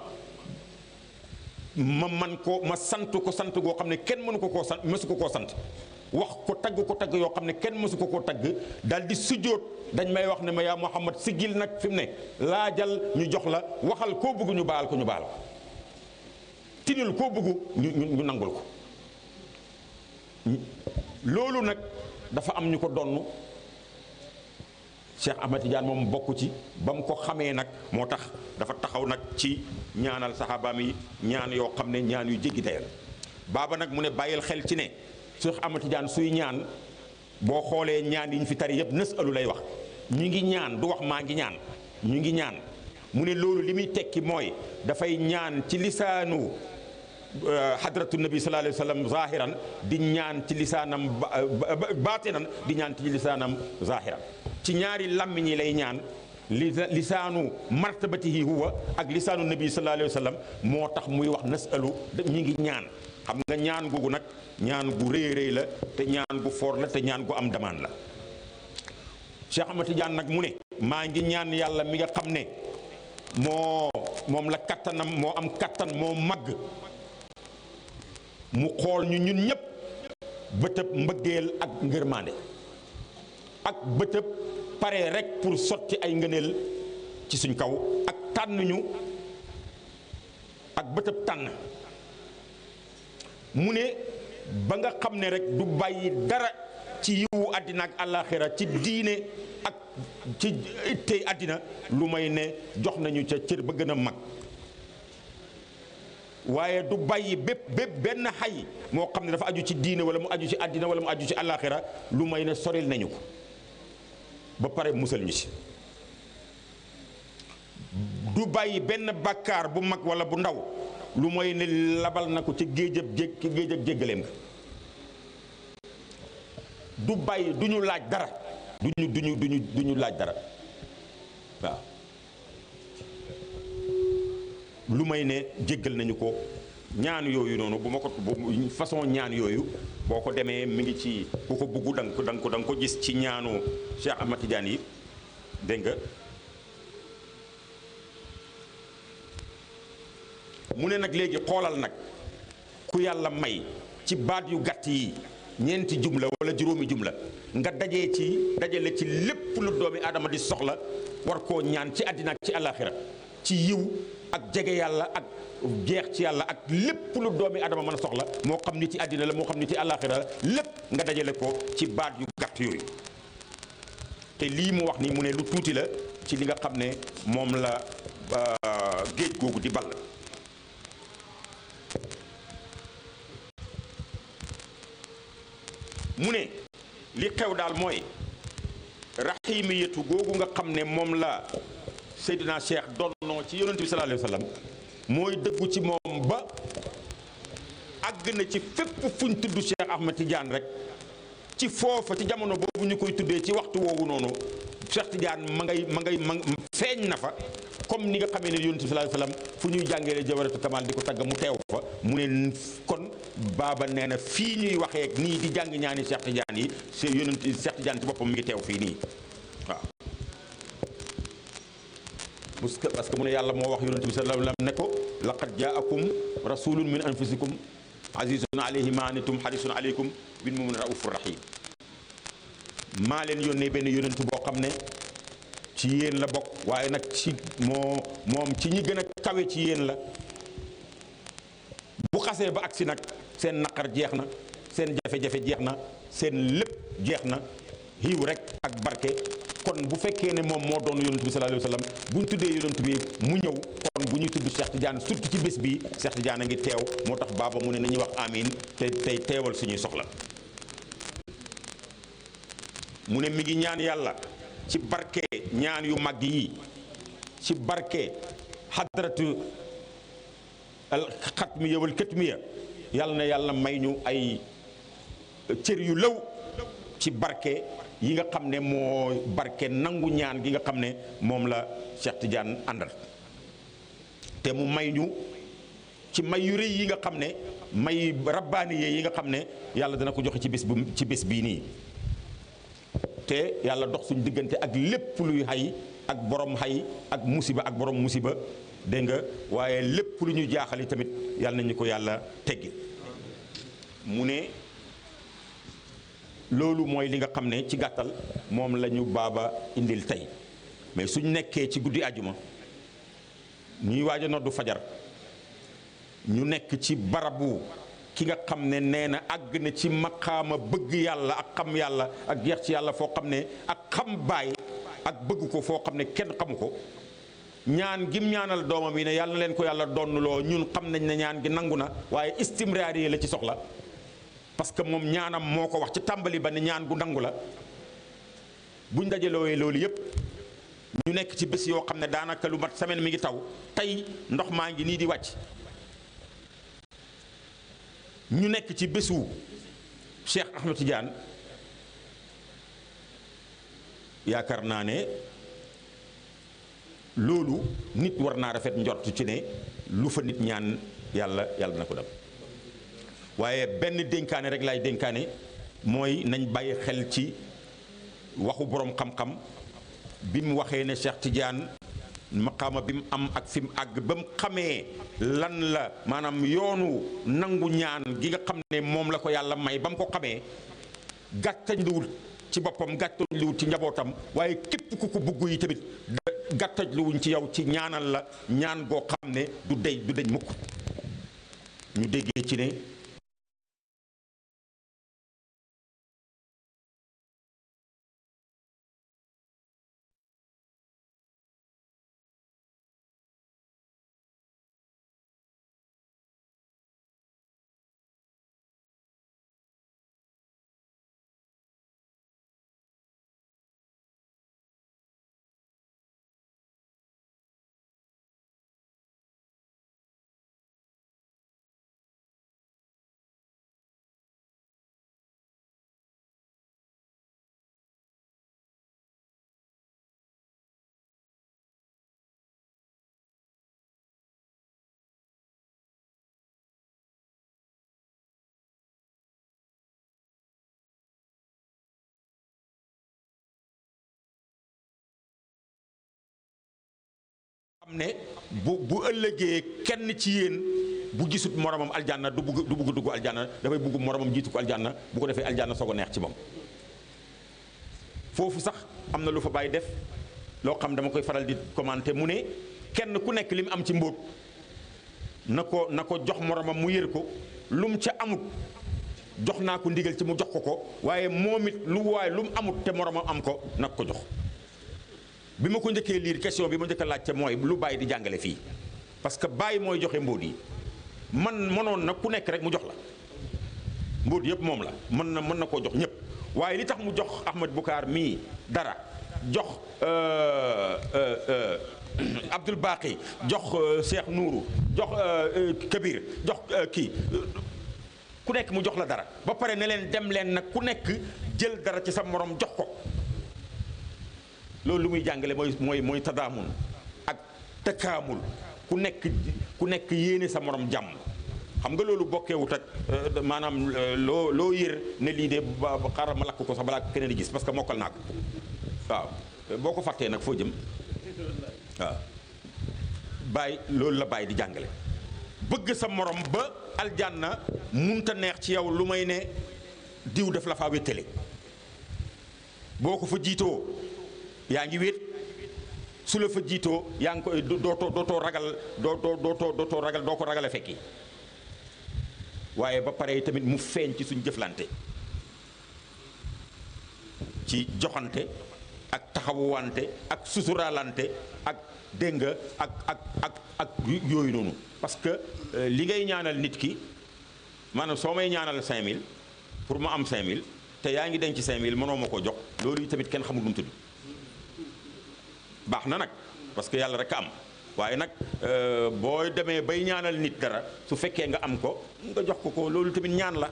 ma man ko ma sant ko sant goo xam ne kenn mënu ko koo sant mësu ko koo sant wax ko tagg ko tagg yoo xam ne kenn mësu ko koo tagg daal di sujjóot dañ may wax ne ma yaa Muhammad siggil nag fi mu ne laajal ñu jox la waxal koo bëgg ñu baal ko ñu baal ko tinil koo bëgg ñu nangul ko loolu nag dafa am ñu ko donn Cheikh Ahmed Tidiane moom bokku ci ba mu ko xamee nag moo tax dafa taxaw nag ci ñaanal saxaabaam yi ñaan yoo xam ne ñaan yu jéggi dayal baaba nag mu ne bàyyil xel ci ne Cheikh Ahmed Tidiane suy ñaan boo xoolee ñaan yi ñu fi tari yëpp nës alu lay wax ñu ngi ñaan du wax maa ngi ñaan ñu ngi ñaan mu ne loolu li muy tekki mooy dafay ñaan ci lisaanu Eh, hadratu nabi sallallahu alayhi wa di ñaan ci lisaanam baatinan di ñaan ci lisaanam zahiran ci ñaari làmmiñ yi lay ñaan lisaanu martabatihi huwa ak lisaanu nabi sallallahu alayhi wa sallam moo tax muy wax nasalu ñi ngi ñaan xam nga ñaan googu nag ñaan gu rëy rëy la te ñaan gu foor la te ñaan gu am demande la Cheikh Ahmad nag mu ne maa ngi ñaan yàlla mi nga xam ne moo moom la kattanam moo am kattan moo màgg mu xool ñu ñun ñëpp bëtëb mbëggeel ak ngërmaande ak bëtëb pare rekk pour sotti ay ngëneel ci suñ kaw ak tànn ñu ak bëtëb tànn mu ne ba nga xam ne rek du bàyyi dara ci yiwu àddina ak àllaaxira ci diine ak ci ittey àddina lu may ne jox nañu ca cër ba gën a mag waaye du bàyyi bépp bépp benn xay moo xam ne dafa aju ci diine wala mu aju ci àddina wala mu aju ci àllaaxira lu may ne soril nañu ko ba pare musal ñu si du bàyyi benn bàkkaar bu mag wala bu ndaw lu mooy ne labal na ko ci géejëb jé géejëb jéggaleem nga du bàyyi du ñu laaj dara duñu duñu duñu du ñu laaj dara waaw lu may ne jéggal nañu ko ñaan yooyu noonu bu ma ko façon ñaan yooyu boo ko demee mi ngi ci ku ko bugg da ko da ko da ko gis ci ñaanu Cheikh Ahmad Tidiane yi dégg nga mu ne nag léegi xoolal nag ku yàlla may ci baat yu gàtt yi ñeenti jumla wala juróomi jumla nga dajee ci dajale ci lépp lu doomi aadama di soxla war koo ñaan ci àddina ci àllaaxira ci yiw ak jege yàlla ak jeex ci yàlla ak lépp lu doomi adama mën a soxla moo xam ni ci àddina la moo xam ni ci àllaaxira lépp nga dajale ko ci baat yu gàtt yooyu te lii mu wax nii mu ne lu tuuti la ci li nga xam ne moom la euh, géej googu di ball mu ne li xew daal mooy raximiyatu googu nga xam ne moom la Seydina Cheikh donnoo ci yonent bi sallallahu alayhi wa mooy dëggu ci moom ba àgg na ci fépp fuñ tudd Cheikh Ahmed Tidiane rek ci foofa ci jamono boobu ñu koy tuddee ci waxtu woowu noonu Cheikh Tidiane ma ngay ma ngay ma feeñ na fa comme ni nga xamee ne yonent bi sallallahu alayhi wa fu ñuy jàngeele jawaratu kamal di ko tagg mu teew fa mu ne kon baaba nee na fii ñuy waxee nii di jàng ñaani Cheikh Tidiane yi se yonent Cheikh Tidiane ci boppam mi ngi teew fii nii parce que parce que mu ne yàlla moo wax yonent bi sallallahu alayhi wa sallam ne ko laqad jaakum rasulun min anfusikum azizun alayhi ma anitum harisun alaykum bil mu'minina raufur rahim maa leen yónnee benn yonent boo xam ne ci yéen la bokk waaye nag ci moo moom ci ñi gën a kawe ci yéen la bu xasee ba ak si nag seen naqar jeex na seen jafe-jafe jeex na seen lépp jeex na xiiw rek ak barke kon bu fekkee ne moom moo doon yonent bi sallallahu alayhi wa sallam tuddee yonent bi mu ñëw kon bu ñuy tudd Cheikh Tidiane surtout ci bis bi Cheikh jaan a ngi teew moo tax baaba mu ne nañuy wax amin te tey teewal suñuy soxla mu ne mi ngi ñaan yàlla ci barke ñaan yu mag yi ci barke xadratu al xatmiya wal katmiya yàlla na yàlla may ñu ay cër yu law ci barke yi nga xam ne moo barke nangu ñaan gi nga xam ne moom la Cheikh Tidiane àndal te mu may ñu ci may yu rëy yi nga xam ne may yee yi nga xam ne yàlla dana ko joxe ci bés bu ci bés bii nii te yàlla dox suñu diggante ak lépp luy xay ak boroom xay ak musiba ak borom musiba dégg nga waaye lépp lu ñu jaaxali tamit yàlla nañu ko yàlla teggi mu ne loolu mooy li nga xam ne ci gàttal moom lañu baaba indil tey mais suñ nekkee ci guddi àjjuma ñuy waaja a noddu fajar ñu nekk ci barabu ki nga xam ne nee na àgg na ci maqaama bëgg yàlla ak xam yàlla ak jeex ci yàlla foo xam ne ak xam baay ak bëgg ko foo xam ne kenn xamu ko ñaan gim ñaanal doomam yi ne yàlla na leen ko yàlla donnloo ñun xam nañ ne ñaan gi nangu na waaye istimraar yi la ci soxla parce que moom ñaanam moo ko wax ci tàmbali ba ne ñaan gu nangu la buñ dajalooyee loolu yëpp ñu nekk ci bés yoo xam ne daanaka lu mat semaine mi ngi taw tey ndox maa ngi nii di wàcc ñu nekk ci bésu Cheikh Ahmed Tidiane yaakaar naa ne loolu nit war naa rafet njort ci ne lu fa nit ñaan yàlla yàlla na ko dem waaye benn dénkaane rek lay dénkaane mooy nañ bàyyi xel ci waxu boroom xam-xam bi mu waxee ne Cheikh Tidiane maqaama bi mu am ak fi mu àgg ba mu xamee lan la maanaam yoonu nangu ñaan gi nga xam ne moom la ko yàlla may ba ko xamee gàttañluwul ci boppam gàttañluwul ci njabootam waaye képp ku ko bugg yi tamit gàttañluwuñ ci yow ci ñaanal la ñaan goo xam ne du dey du deñ mukk ñu déggee ci ne xam ne bu bu ëllëgee kenn ci yéen bu gisut moromam aljanna du bugg du bugg dugg aljanna dafay bugg moromam jiitu ko aljanna bu ko defee aljanna soog neex ci moom foofu sax am na lu fa bàyyi def loo xam dama koy faral di commenter mu ne kenn ku nekk li mu am ci mbóot na ko na ko jox moromam mu yër ko lu mu ca amut jox naa ko ndigal ci mu jox ko ko waaye moom it lu waaye lu mu amut te moromam am ko nag ko jox bi ma ko njëkkee liir question bi ma njëkk a laajte mooy lu bàyyi di jàngale fii parce que bàyyi mooy joxe mbóot yi man mënoon na ku nekk rek mu jox la mbóot yëpp moom la mën na mën na koo jox ñëpp waaye li tax mu jox Ahmed Boucar mii dara jox euh, euh, euh, Abdoul Baqi jox Cheikh Nourou jox Kabir jox kii ku nekk mu jox la dara ba pare ne leen dem leen nag ku nekk jël dara ci sa morom jox ko loolu lu muy jàngale mooy mooy mooy tadaamun ak takaamul ku nekk ku nekk yéene sa morom jàmm xam nga loolu bokkeewut ak euh, maanaam euh, loo loo yër ne lii de xaaral ma lakk ko sax balaa keneen di gis parce que mokkal naa ko waaw boo ko fàttee nag foo jëm waaw bàyyi loolu la bàyyi di jàngale bëgg sa morom ba aljaan na munta neex ci yow lu may ne diw daf la faa wéttale boo ko fa jiitoo yaa ngi wéet su la fa jiitoo yaa ngi koy dootoo dootoo ragal doo doo dootoo ragal doo ko ragal a fekki waaye ba pare tamit mu feeñ ci suñ jëflante ci joxante ak taxawuwante ak susuraalante ak dégg nga ak ak ak ak yooyu noonu parce que euh, li ngay ñaanal nit ki maanaam soo may ñaanal 5000 pour ma am 5000 te yaa ngi denc 5000 mënoo ma ko jox loolu yi tamit kenn xamul lu mu baax na nag parce que yàlla rek am waaye nag euh, boo demee bay ñaanal nit dara su fekkee nga am ko nga jox ko ko loolu tamit ñaan la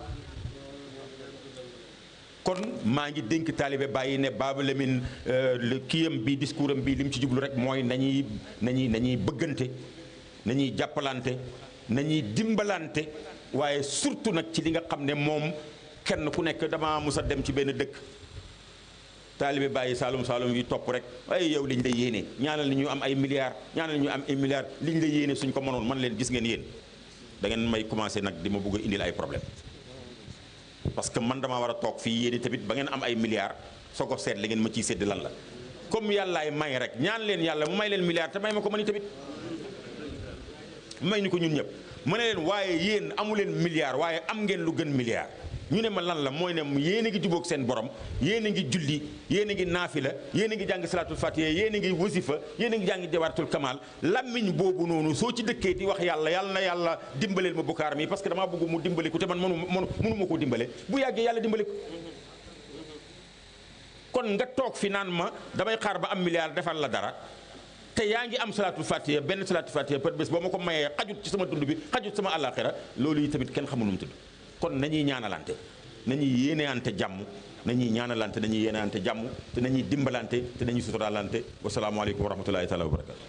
kon maa ngi dénk taalibe bàyyi ne Baba Lamine euh, le kiyam bi discours am bi li ci jublu rek mooy nañuy nañuy nañuy bëggante nañuy jàppalante nañuy dimbalante waaye surtout nag ci li nga xam ne moom kenn ku nekk dama musa dem ci benn dëkk taalibe bàyyi saalum saalum yi topp rek ay yow liñ la yéene ñaanal ñu am ay milliards ñaanal ñu am ay milliards liñ la yéene suñ ko mënoon man leen gis ngeen yéen da may commencé nag di bëgg a indil parce que man damaa war a toog fii yéene tamit ba ngeen am ay milliards soo ko li ngeen ma ciy sédd la comme yàllaay may rek ñaan leen yàlla mu may leen milliards te may ma ko mën tamit may ñu ko ñun ñëpp ma ne leen waaye yéen amu leen milliards waaye am ngeen lu gën milliards. ñu ne ma lan la mooy ne yéen a ngi jubóog seen borom yéen a ngi julli yéen a ngi naafila yéen a ngi jàng salaatul fatiha yéen a ngi wasifa yéen a ngi jàng jawaratul kamal lammiñ boobu noonu soo ci dëkkee di wax yàlla yàlla na yàlla dimbaleel ma bukkaar mi parce que damaa bëgg mu dimbali ko te man mënu mënu ma ko dimbale bu yàggee yàlla dimbali kon nga toog fi naan ma damay xaar ba am milliard defal la dara te yaa ngi am salaatul fatiha benn salaatul fatiha par bés boo ma ko mayee xajut ci sama dund bi xajut sama àllaaxira loolu yi tamit kenn xamul nu kon nañuy ñaanalante nañuy yéeneante jàmm nañuy ñaanalante nañuy yéeneante jàmm te dimbalante te nañuy suturaalante wasalaamaaleykum wa rahmatulahi taala wa barakatu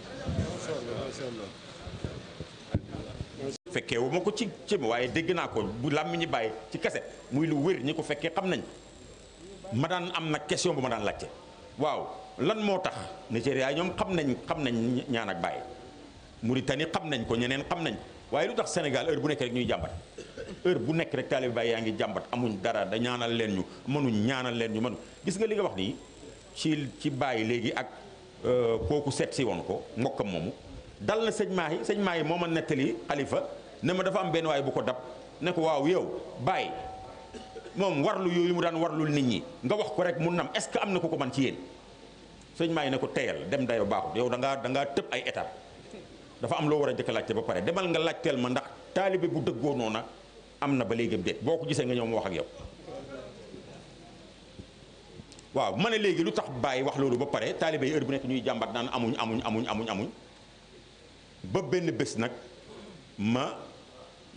fekkee wu ma ko ci ci waaye dégg naa ko bu làmmiñi bàyyi ci kese muy lu wér ñi ko fekkee xam nañ ma daan am nag question bu ma daan laajte waaw lan moo tax Nigéria ñoom xam nañ xam nañ ñaanak ñaan ak bàyyi Mauritanie xam nañ ko ñeneen xam nañ waaye lu tax Sénégal heure bu nekk rek ñuy jàmbat heure bu nekk rek taalibe Baay yaa ngi jàmbat amuñ dara da ñaanal leen ñu mënuñ ñaanal leen ñu mënuñ gis nga li nga wax nii ci ci Baay léegi ak euh, kooku seet si woon ko mbokkam moomu dal na sëñ Mahi sëñ Mahi moo ma nettali xalifa ne ma dafa am benn waay bu ko dab ne ko waaw yow Baay moom warlu yooyu mu daan warlul nit ñi nga wax ko rek mu nam est-ce que am na ko ko man ci yéen maa yi ne ko teyal dem dayo baaxut yow da ngaa da ngaa tëb ay étape dafa am loo war a ba pare demal nga laajteel ma ndax taalibe bu dëggoo noona am na ba léegi déet boo ko gisee nga ñëw ma wax ak yow waaw ma ne léegi lu tax bàyyi wax loolu ba pare taalibe yi bu nekk ñuy jàmbat naan amuñ amuñ amuñ amuñ amuñ ba benn bés nag ma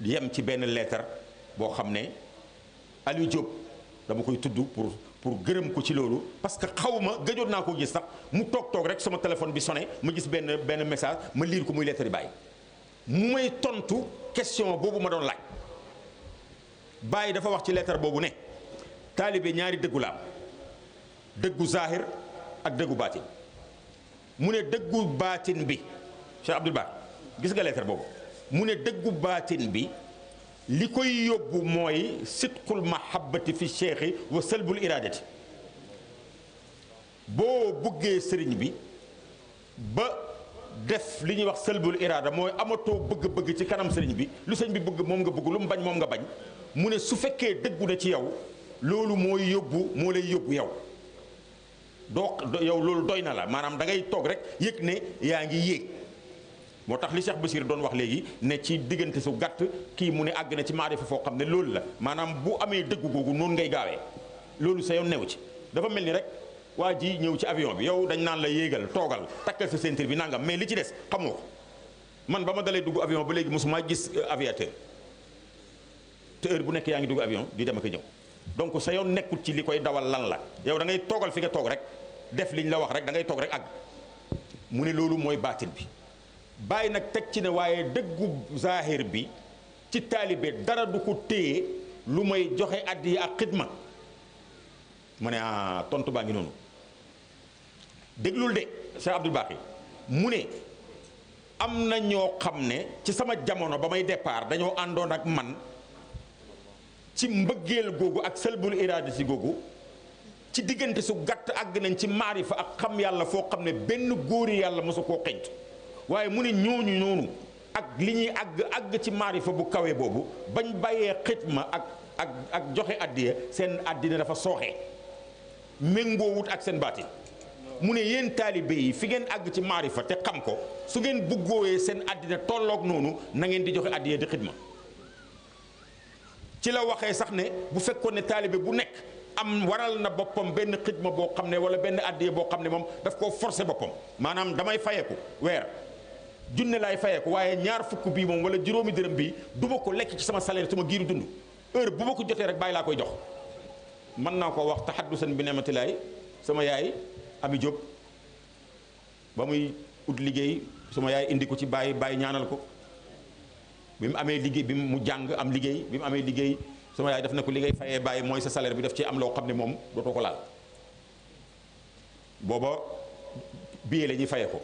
yem ci benn leetar boo xam ne Aliou Diop dama koy tudd pour pour gërëm ko ci loolu parce que xaw ma gëjoon naa koo gis sax mu toog toog rek sama téléphone bi sonné ma gis benn benn message ma liir ko muy leetar yi bàyyi mu may tontu question boobu ma doon laaj. bàyyi dafa wax ci leetar boobu ne taalibe ñaari dëggu la am dëggu zahir ak dëggu baatin mu ne dëggu baatin bi Cheikh Abdoul Bar gis nga leetar boobu mu ne dëggu baatin bi li koy yóbbu mooy sidqul mahabbati fi cheikhi wa salbul iradati boo buggee sëriñ bi ba def li ñuy wax sëlbul iraada mooy amatoo bëgg-bëgg ci kanam sëriñ bi lu sëñ bi bëgg moom nga bëgg lu mu bañ moom nga bañ mu ne su fekkee dëggu ne ci yow loolu mooy yóbbu moo lay yóbbu yow doo yow loolu doy na la maanaam da ngay toog rek yëg ne yaa ngi yéeg moo tax li Cheikh Bachir doon wax léegi ne ci diggante su gàtt kii mu ne àgg na ci maarifa foo xam ne loolu la maanaam bu amee dëggu googu noonu ngay gaawee loolu sa yoon new ci dafa mel ni rek waa ji ñëw ci avion bi yow dañ naan la yéegal toogal takkal sa ceinture bi nangam mais li ci des xamoo ko man ba ma dalee dugg avion ba léegi mosuma gis euh, aviateur te bu nekk yaa ngi dugg avion di dem ak ñëw donc sa yoon nekkul ci li koy dawal lan la yow da ngay toogal fi nga toog rek def liñ la wax rek dangay toog rek ak mu ne loolu mooy baatin bi bàyyi nag teg ci ne waaye dëggu zaahir bi ci taalibe dara du ko téye lu may joxe addi ak xidma ma ne ah, tontu baa ngi noonu. déglul de Cheikh Abdoul Baqi mu ne am na ñoo xam ne ci sama jamono ba may départ dañoo àndoon ak man ci mbëggeel googu ak sëlbul iraada si googu ci diggante su gàtt àgg nañ ci maarifa ak xam yàlla foo xam ne benn góori yàlla mosu koo xeñtu waaye mu ne ñooñu noonu ak li ñuy àgg àgg ci maarifa bu kawee boobu bañ bàyyee xitma ak ak ak joxe àddiya seen àddina dafa sooxee méngoowut ak seen baatin mu ne yéen taalibe yi fi ngeen àgg ci maarifa te xam ko su ngeen bëggoowee seen àddina tollook noonu nangeen di joxe àddina di xidma ci la waxee sax ne bu fekkoon ne taalibe bu nekk am waral na boppam benn xidma boo xam ne wala benn àddiya boo xam ne moom daf koo forcé boppam maanaam damay fayeeku weer junne laay fayeeku waaye ñaar fukk bii moom wala juróomi dërëm bii du ko lekk ci sama salaire ma giiru dund heure bu ma ko jotee rek bàyyi laa koy jox mën naa ko wax taxaddusan bi nematulaay sama yaay Ami Diop ba muy ut liggéey suma yaay indi ko ci bàyyi bàyyi ñaanal ko bi mu amee liggéey bi mu jàng am liggéey bi mu amee liggéey suma yaay def na ko li ngay fayee bàyyi mooy sa salaire bi def ci am loo xam ne moom dootoo ko laal booba billet la ñuy fayee ko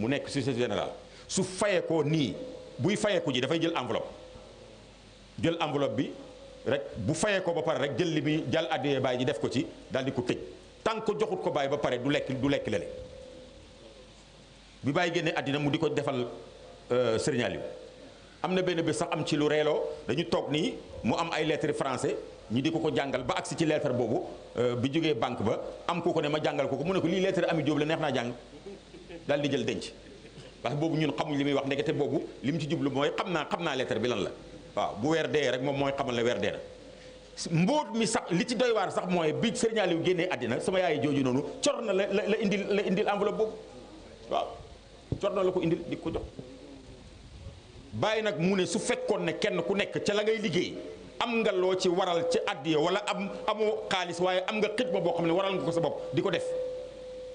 mu nekk société générale su fayee ko nii buy fayee ko ji dafay jël enveloppe jël enveloppe bi rek bu fayee ko ba pare rek jël li muy jal addiyee bàyyi ji def ko ci daal di ko tëj tant que joxut ko baay ba pare du lekk du lekk lele bi bàyyi génne àddina mu di ko defal euh, Serigne Aliou am na benn bés sax am ci lu reeloo dañu toog nii mu am ay lettres français ñu di ko ko jàngal ba agsi ci lettre boobu euh, bi jógee banque ba am ko ne ma jàngal ko ko mu ne ko lii lettre ami Diop la neex naa jàng daal di jël denc parce que boobu ñun xamuñ li muy wax ndekete boobu li mu ci jublu mooy xam naa xam naa lettre bi lan la waaw bu weer dee rek moom mooy xamal la weer dee na mbóot mi sax li ci doy waar sax mooy bi Serigne Aliou génnee àddina sama yaay jooju noonu cor na la la indil la indil enveloppe boobu waaw cor la ko indil di ko jox bàyyi nag mu ne su fekkoon ne kenn ku nekk ca la ngay liggéey am nga loo ci waral ci àddiya wala am amoo xaalis waaye am nga xitma boo xam ne waral nga ko sa bopp di ko def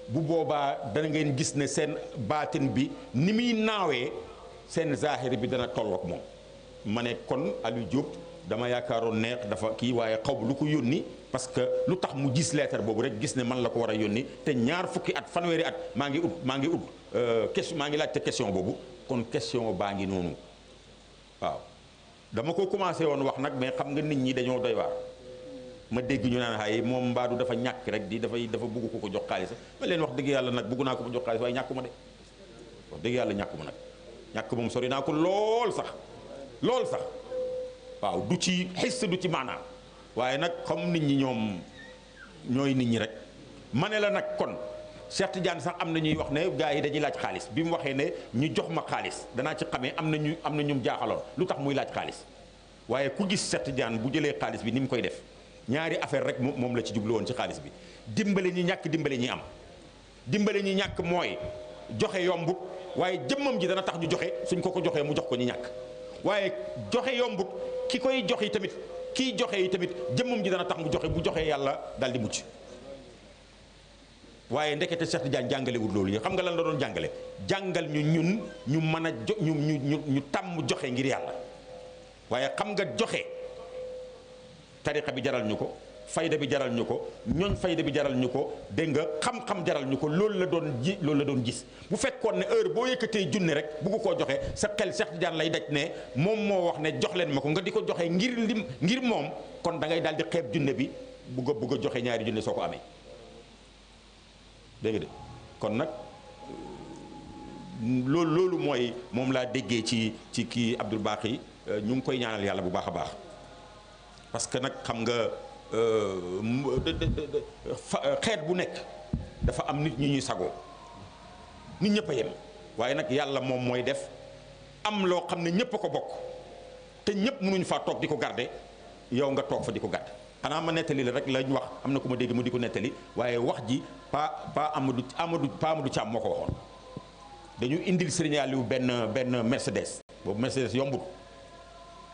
bu boobaa dana ngeen gis ne seen baatin bi ni muy naawee seen zahir bi dana tolloog moom ma ne kon Aliou Diop dama yaakaaroon ne dafa kii waaye xaw lu ko yónni parce que lu tax mu gis leetar boobu rek gis ne man la ko war a yónni te ñaar fukki at fanweeri at maa ngi ut maa ngi ut euh, question maa ngi laajte question boobu kon question baa ngi noonu waaw dama ko commencé woon wax nag mais xam nga nit ñi dañoo doy waar ma dégg ñu naan ay moom mbaadu dafa ñàkk rek di dafay dafa bugg ko ko jox xaalis ma leen wax dëgg yàlla nag bugg naa ko ko jox xaalis waaye ñàkkuma de dëgg yàlla ñàkkuma nag ñàkk moom sori naa ko lool sax lool sax waaw du ci xis du ci maanaa waaye nag xam nit ñi ñoom ñooy nit ñi rek ma ne la nag kon Cheikh Tidiane sax am na ñuy wax ne gars yi dañuy laaj xaalis bi mu waxee ne ñu jox ma xaalis danaa ci xamee am na ñu am na ñum jaaxaloon lu tax muy laaj xaalis waaye ku gis Cheikh Tidiane bu jëlee xaalis bi ni mu koy def ñaari affaire rek moom la ci jublu woon ci xaalis bi dimbale ñi ñàkk dimbale ñi am dimbale ñi ñàkk mooy joxe yombut waaye jëmmam ji dana tax ñu joxe suñ ko ko joxee mu jox ko ñi ñàkk waaye joxe ki koy joxe yi tamit kiy joxe yi tamit jëmmam ji dana tax mu joxe bu joxee yàlla daal di mucc waaye ndekete Cheikh Tidiane jàngalewul loolu yi xam nga lan la doon jàngale jàngal ñu ñun ñu mën a jo ñu ñu ñu tàmm joxe ngir yàlla waaye xam nga joxe tariqa bi jaral ñu ko fayda bi jaral ñu ko ñooñ fayda bi jaral ñu ko dégg nga xam-xam jaral ñu ko loolu la doon ji loolu la doon gis bu fekkoon ne heure boo yëkkatee junne rek bugg koo joxee sa xel Cheikh Tidiane lay daj ne moom moo wax ne jox leen ma ko nga di ko joxe ngir lim ngir moom kon da ngay daal di xeeb junne bi bugg a bugg joxe ñaari junne soo ko amee dégg de kon nag euh, loolu loolu mooy moom laa déggee ci ci kii baax yi euh, ñu ngi koy ñaanal yàlla bu baax a baax parce nag xam Euh, xeet bu nekk dafa am nit ñi ñuy sagoo nit ñëpp yem waaye nag yàlla moom mooy def am loo xam ne ñëpp a ko bokk te ñëpp mënuñ faa toog di ko garde yow nga toog fa di ko garde xanaa ma nettali la rek lañ wax am na ku ma dégg mu di ko nettali waaye wax ji pa pa Amadou Amadou pa Amadou Thiam moo ko waxoon dañu indil Serigne Aliou benn benn Mercedes boobu Mercedes yombut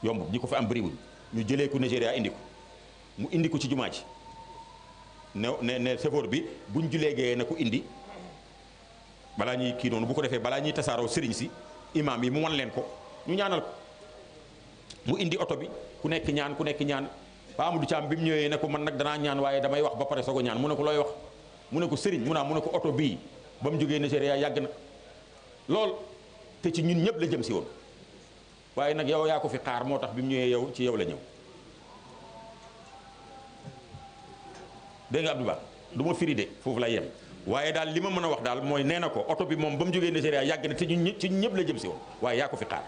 yombut ñi ko fi am bëriwul ñu jëlee ko Nigéria indi ko. mu indi ko ci jumaa ji ne ne ne sëfoor bi buñ julee gee na ko indi balaa ñuy kii noonu bu ko defee balaa ñuy tasaaroo sëriñ si imaam yi mu wan leen ko ñu ñaanal ko mu indi oto bi ku nekk ñaan ku nekk ñaan ba du caam bi mu ñëwee ne ko man nag danaa ñaan waaye damay wax ba pare soog a ñaan mu ne ko looy wax mu ne ko sëriñ mu naa ah, mu ne ko oto bii ba mu jógee Nigéria yàgg na lool te ci ñun ñëpp la jëm si woon waaye nag yow yaa ko fi xaar moo tax bi mu ñëwee yow ci yow la ñëw dégg nga Abdou Ba du ma firi de foofu lay yem waaye daal li ma mën a wax daal mooy nee na ko oto bi moom ba mu jógee Nigéria yàgg na te ñu ci ñëpp la jëm si woon waaye yaa ko fi xaar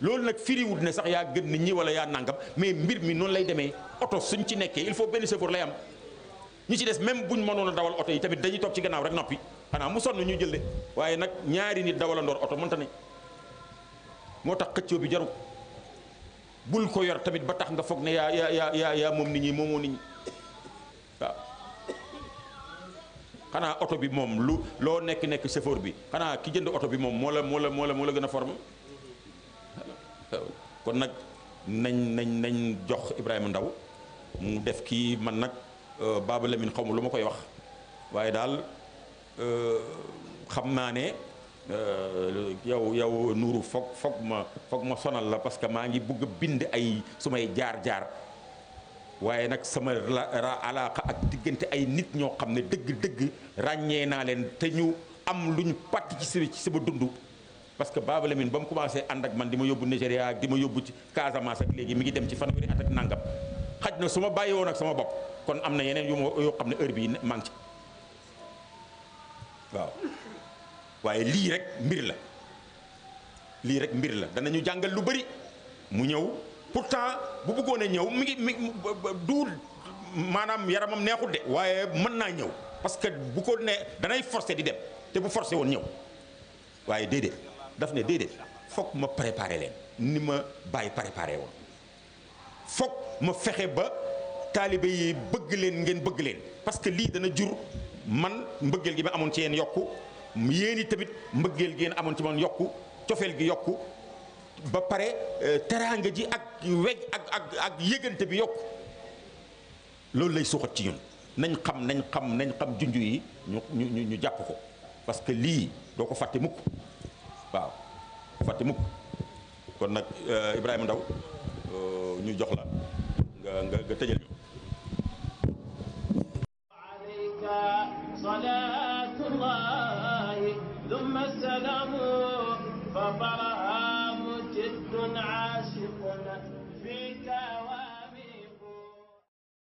loolu nag firiwut ne sax yaa gën nit ñi wala yaa nangam mais mbir mi noonu lay demee oto suñ ci nekkee il faut benn chauffeur lay am ñi ci des même buñ mënoon a dawal oto yi tamit dañuy toog ci gannaaw rek noppi xanaa mu sonn ñu jël waaye nag ñaari nit dawalandoor oto mënta ne moo tax xëccoo bi jaru bul yor tamit ba tax nga foog ne yaa yaa yaa yaa moom nit ñi moomoo nit ñi waaw xanaa oto bi moom lu loo nekk nekk chauffeur bi xanaa ki jënd oto bi moom moo la moo la moo la gën a forme kon nag nañ nañ nañ jox Ibrahima Ndaw mu def kii man nag euh, Baba Lamine xaw ma lu ma koy wax waaye daal euh, xam naa ne euh, yow yow Nuuru foog foog ma foog ma sonal la parce que maa ngi bugg bind ay sumay jaar jaar. waaye nag sama alaaka ak diggante ay nit ñoo xam ne dëgg-dëgg ràññee naa leen te ñu am lu ñu pàtt ci si ci sama dund parce que Baba Lamine ba mu commencé ànd ak man di ma yóbbu Nigéria ak di ma yóbbu ci Casamance ak léegi mi ngi dem ci fanweeri at ak nangam xaj na su ma bàyyi woon ak sama bopp kon am na yeneen yu ma yoo xam ne heure bii maa ngi ci waaw waaye lii rek mbir la lii rek mbir la danañu jàngal lu bari mu ñëw. pour temps bu bëggoon a ñëw mu ngi mi du maanaam yaramam neexul de waaye mën naa ñëw parce que bu ko ne danay forcé di dem te bu forcé woon ñëw waaye déedéet daf ne déedéet foog ma préparé leen ni ma bàyyi préparé woon foog ma fexe ba taalibe yi bëgg leen ngeen bëgg leen parce que lii dana jur man mbëggeel gi ma amoon ci yéen yokku yéen i tamit mbëggeel gi ngeen amoon ci man yokku cofeel gi yokku ba pare euh, teraanga ji ak weg ak ak yëgante bi yokk loolu lay suuxat ci ñun nañ xam nañ xam nañ xam junj yi ñu jàpp ko parce que lii doo ko fàtte mukk waaw kon nag euh, ibrahim Ndaw euh, ñu jox la nga nga nga tëjal ñu صلاة الله ثم السلام فطرها عاشق فيك و